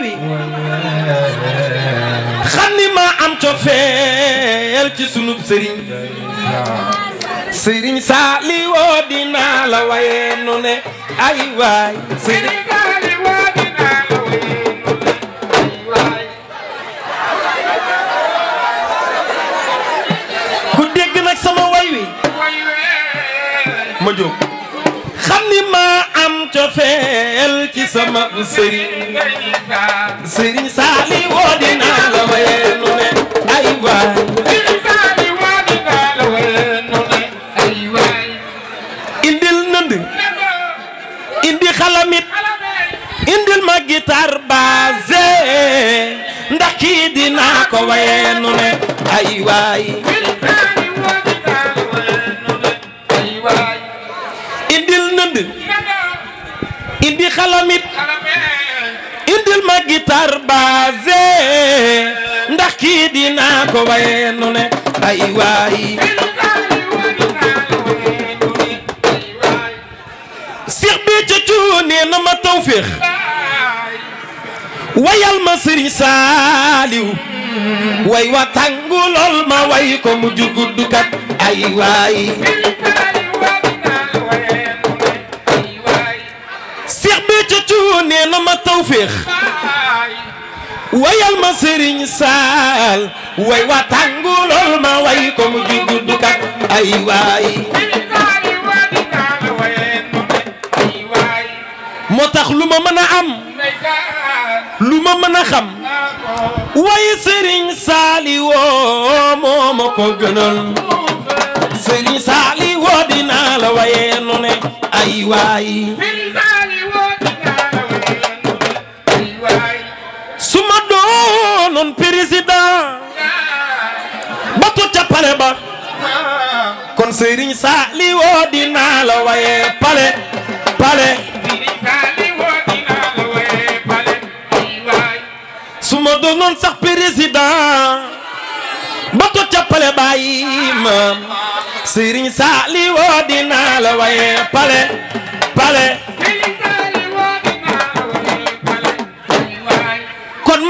way wi xam ni maa am cofeel ci sunub sëriñ sëriñ Saaliwoo dinaa la waye nu ay waay sëriñ Saaliwoo dinaa la waye waay ku dégg nag sama way wi ma jóg cofeel ci sama sëriñ sëriñ saali woo dinaa sëriñ saali woo dinaa la waye ne ay waay indil nënd indi xalamit indil ma guitare basé ndax kii dinaa ko waye ne ay waay di xalamit indil ma guitare basé ndax kii dinaa ko waye nu ne ay waay Seex bi ca cuu nee na ma tawféex wayal ma sëriñ saaliw way wa tàngu lool ma way ko mu jugudukat ay waay nee na ma sëriñ saal way wa tàngu lool ma way ko mu juddu du kat ay waay moo tax lu ma mën a am lu ma mën a xam sëriñ saali woo moo ma ko gënal sëriñ saali woo dinaa la wayee nu ay waay nun président batu ca pale ba su ma doonoon sax président batu ca pale ba imam sëriñ Saaliw dinaa la waye pale pale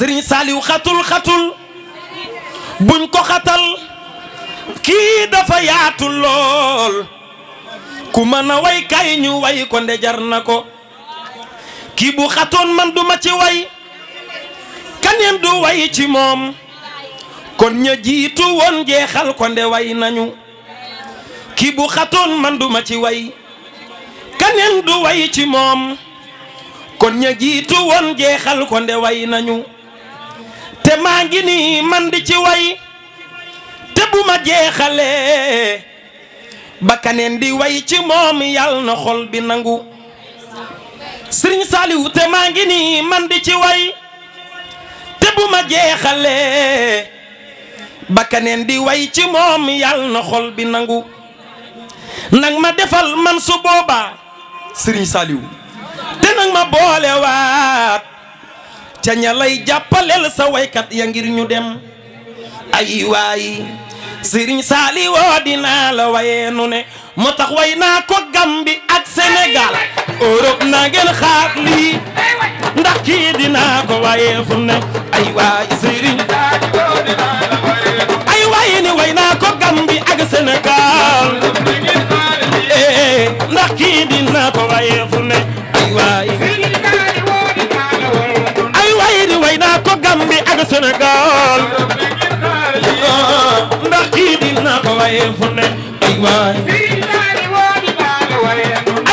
sëriñ Saaliw xatul xatul buñ ko xatal kii dafa yaatu lool ku mën a way kay ñu way ko nde jar na ko kii bu xatoon man duma ci way kaneen du way ci moom kon ña jiitu woon jeexal ko nde way nañu kii bu xatoon man duma ci way kaneen du way ci moom kon ña jiitu woon jeexal ko nde way nañu te maa ngi nii man di ci way te bu ma jeexalee ba kaneen di way ci moom yàlla na xol bi nangu sëriñ Saliou te maa ngi nii man di ci way te bu ma jeexalee ba kaneen di way ci moom yàlla na xol bi nangu nag ma defal man su boobaa sëriñ Saliou te nag ma boolewaat ca ña lay jàppaleel sa waykat ya ngir ñu dem ay waay sëriñ saali woo dinaa la wayee nu ne moo tax way Gambi ak Sénégal Europe na ngeen xaar lii ndax kii dinaa ko wayee fu ne ay waay sëriñ ay waay ni way Gambi ak Sénégal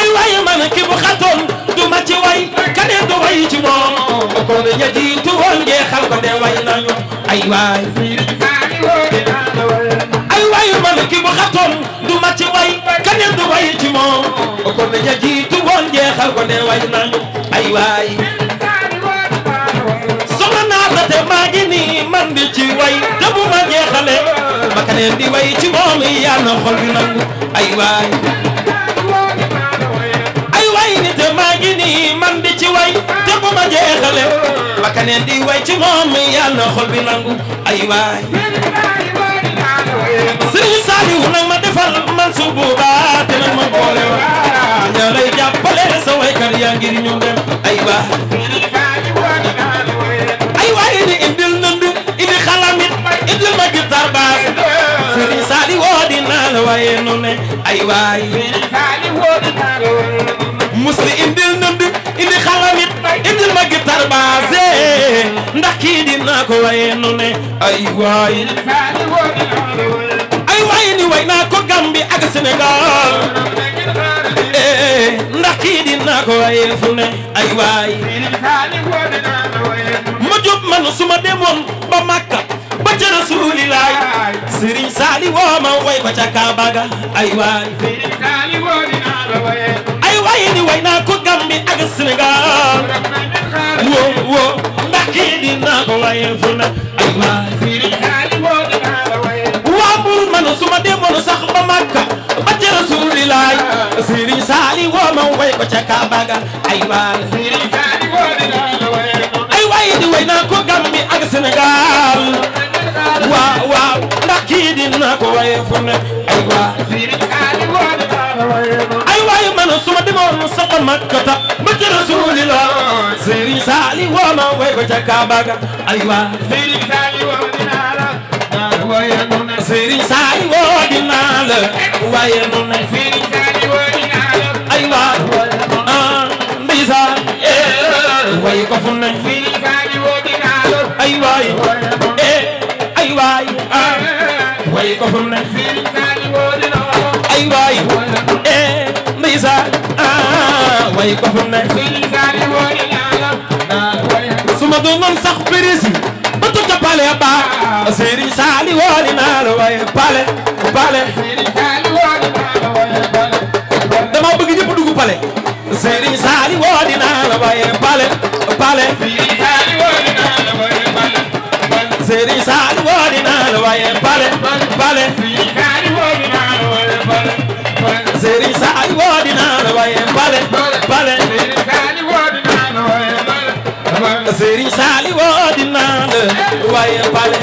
koy way man ki bu xatoon du ma ci way keneen du way ci moom kon ña jiitu woon jeexal ko de way nañu ay waay ay waay man ki bu xatoon du ma ci way keneen du way ci moom kon ña jiitu woon jeexal ko de way ay waay soxla naa la te maa man di ci way te ma jeexale ma keneen di way ci moom yàlla xol bi nangu ay waay fu ma jeexale ba keneen di way ci moom yal na xol nangu ay waay Serigne Saliou nag ma defal man su boobaa te ma boole wa ña jàppale sa waykat yaa ngir ñu ay waay ay waay ni indil nandu indi xalamit indil ma guitare basse Serigne Saliou woo dinaa la waaye noonu ay waay ay waay ay waay ni way naa ko Gambie ak Sénégal eh, ndax kii di naa ko waye fu ay waay ma jóg man suma demoon ba Makka ba ca Rasuulilaay Sëriñ Saali woo ma way ko ca Kaaba ga ay waay way di way naa ko Gambie ak Sénégal wo wo Mbàkke dinaa ko way fu ne ay waa bur man su ma demoon sax ba Makka ba ca Rasulilaay Sëriñ Saali woo ma way ko ca Kaaba ga ay waa ay way di way naa ko Gambie ak Sénégal waaw waaw Mbàkke dinaa ko way fu ne ay waa suma demoon mu soxla makkata mbëkk rasulillah Serigne Sali woo ma way ko ca Kaaba ga aywa Serigne Sali woo dinaa la waaye nu ne Serigne Sali woo dinaa la waaye nu ne Serigne Sali woo dinaa la aywa ah ndeysa way ko fu ne Serigne Sali woo dinaa la aywa eh aywa ah eh. way ko fu ne ay goxum ne suma doonoon sax périsi ba tudd pale ba Serigne Sali woori naa la waaye pale pale dama bëgg ñëpp dugg pale Serigne Sali woori naa la waaye pale pale Serigne Sali woori naa la waaye pale pale Serigne Sali woori naa la waaye pale Serigne Sali woo di naan waaye pale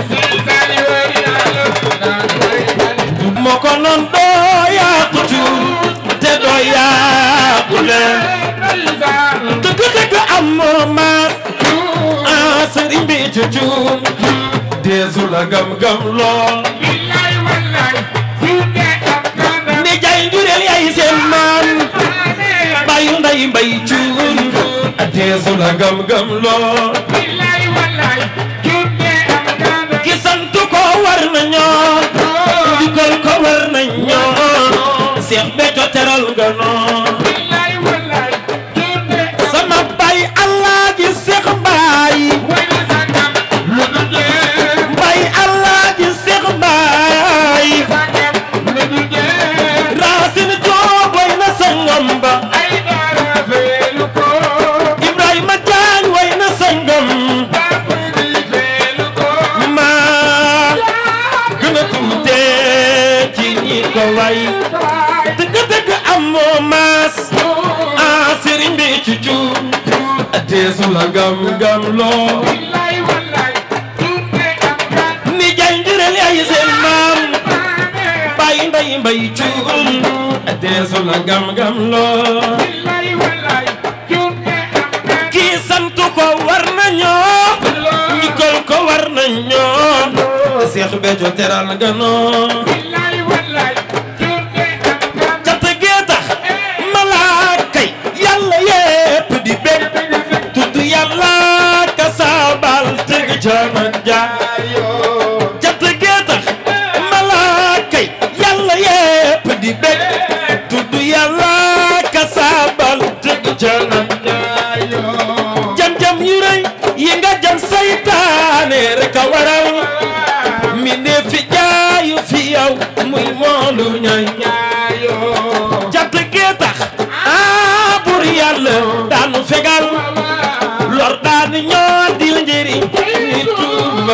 moo ko noon doo yaatu tuut te doo yaatu leen dëgg dëgg am maas ah Serigne bi cucum deesu la gam gam lool ni jaay njureel yaay seen maan bayu nday mbay cuut teesu la gam-gam loo billaay wallaay ki sant ko war nañoo jugal oh. ko war nañoo Seex Béthio teral nga noo teesu la gam gam loo ni janjureel ay bay mbay mbay cuun teesu la gam gam loo kii ko war nañoo ñi gol ko war nañoo Seex Béthio German guy.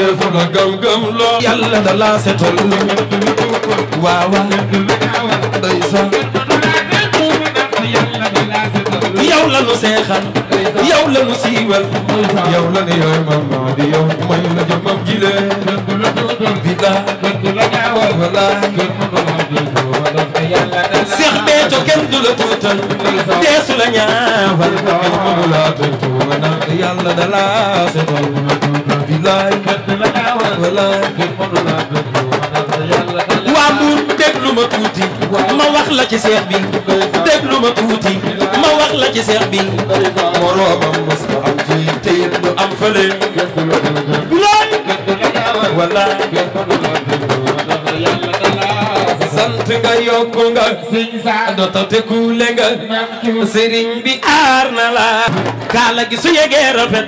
yee sama gëm-gëm loo yàlla da laa la nu seexal yow la nu siiwal yow la ne yaay maam la jëmmam jile bi to kenn du la tuutal deesu la ñaawal kenn mënu laa tuutal ndax yàlla da laa ma tuuti ma wax la ci seex bi déglu ma tuuti ma wax la ci seex bi moroomam mos ko am fii te it am fële bilaay walaay sant nga yokk nga sëñ Saadu tate kuule nga sëriñ bi gi su yegee rafet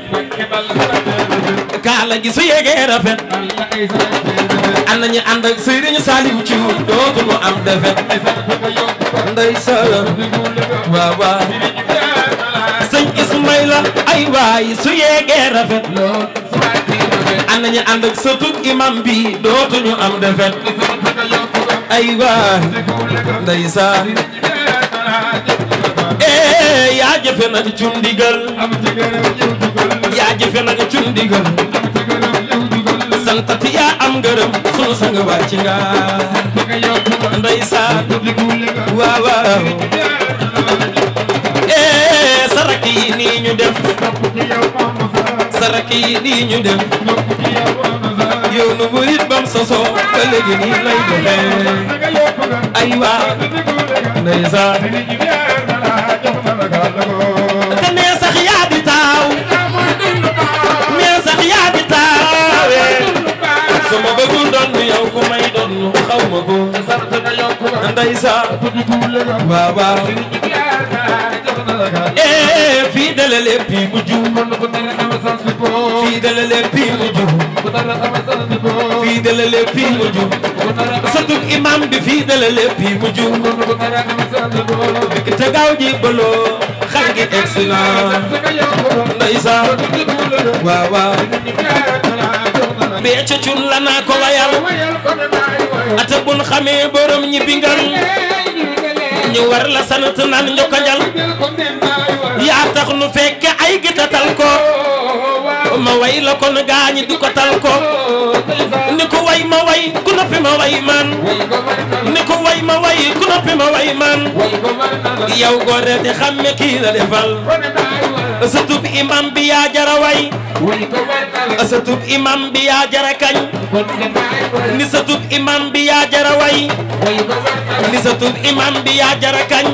kaala gi su yegee rafet ana ñu ànd ak sëriñ Saliou ci dootu mu sa waaw waaw sëñ Ismaïla ay waay su yegee rafet ana ñu ànd ak sëtug bi dootu ñu am defet aywa ndeysaan ee eh, yaa jëfe nag cundigal yaa jëfe nag cundigal santati yaa am ngërëm sunu sang wàcc nga ndeysaan waaw waaw ee eh, saraki yi ñu def saraki ñu def yow nu murit bam sosoo ba léegi nii lay doxee ay waa ndeysaan te nee sax yaa di taaw nee sax yaa di taawee su ma bëggul doon yow ku may doon xaw ma ko ndeysaan waaw waaw ee eh, fii dala lépp fii mujj fii dala lépp fii de la lépp fii mu imam bi fii de la lépp fii mu jub dëkk ca gaaw ji bëloo xar gi excellent ndeysaan waaw waaw mbee ca cun la naa ko wayal ata bun xamee borom ñibbi ngal ñu war la sant naan njokkanjal yaa tax nu fekke ay gitatal ko ma ni ko ma way ku noppi ma way man ni ko ma way ku noppi ma way man yow gore di xamme kii la defal satub imam bi yaa jara way satub imam bi yaa jara kañ jara way ni satub imam bi yaa jara kañ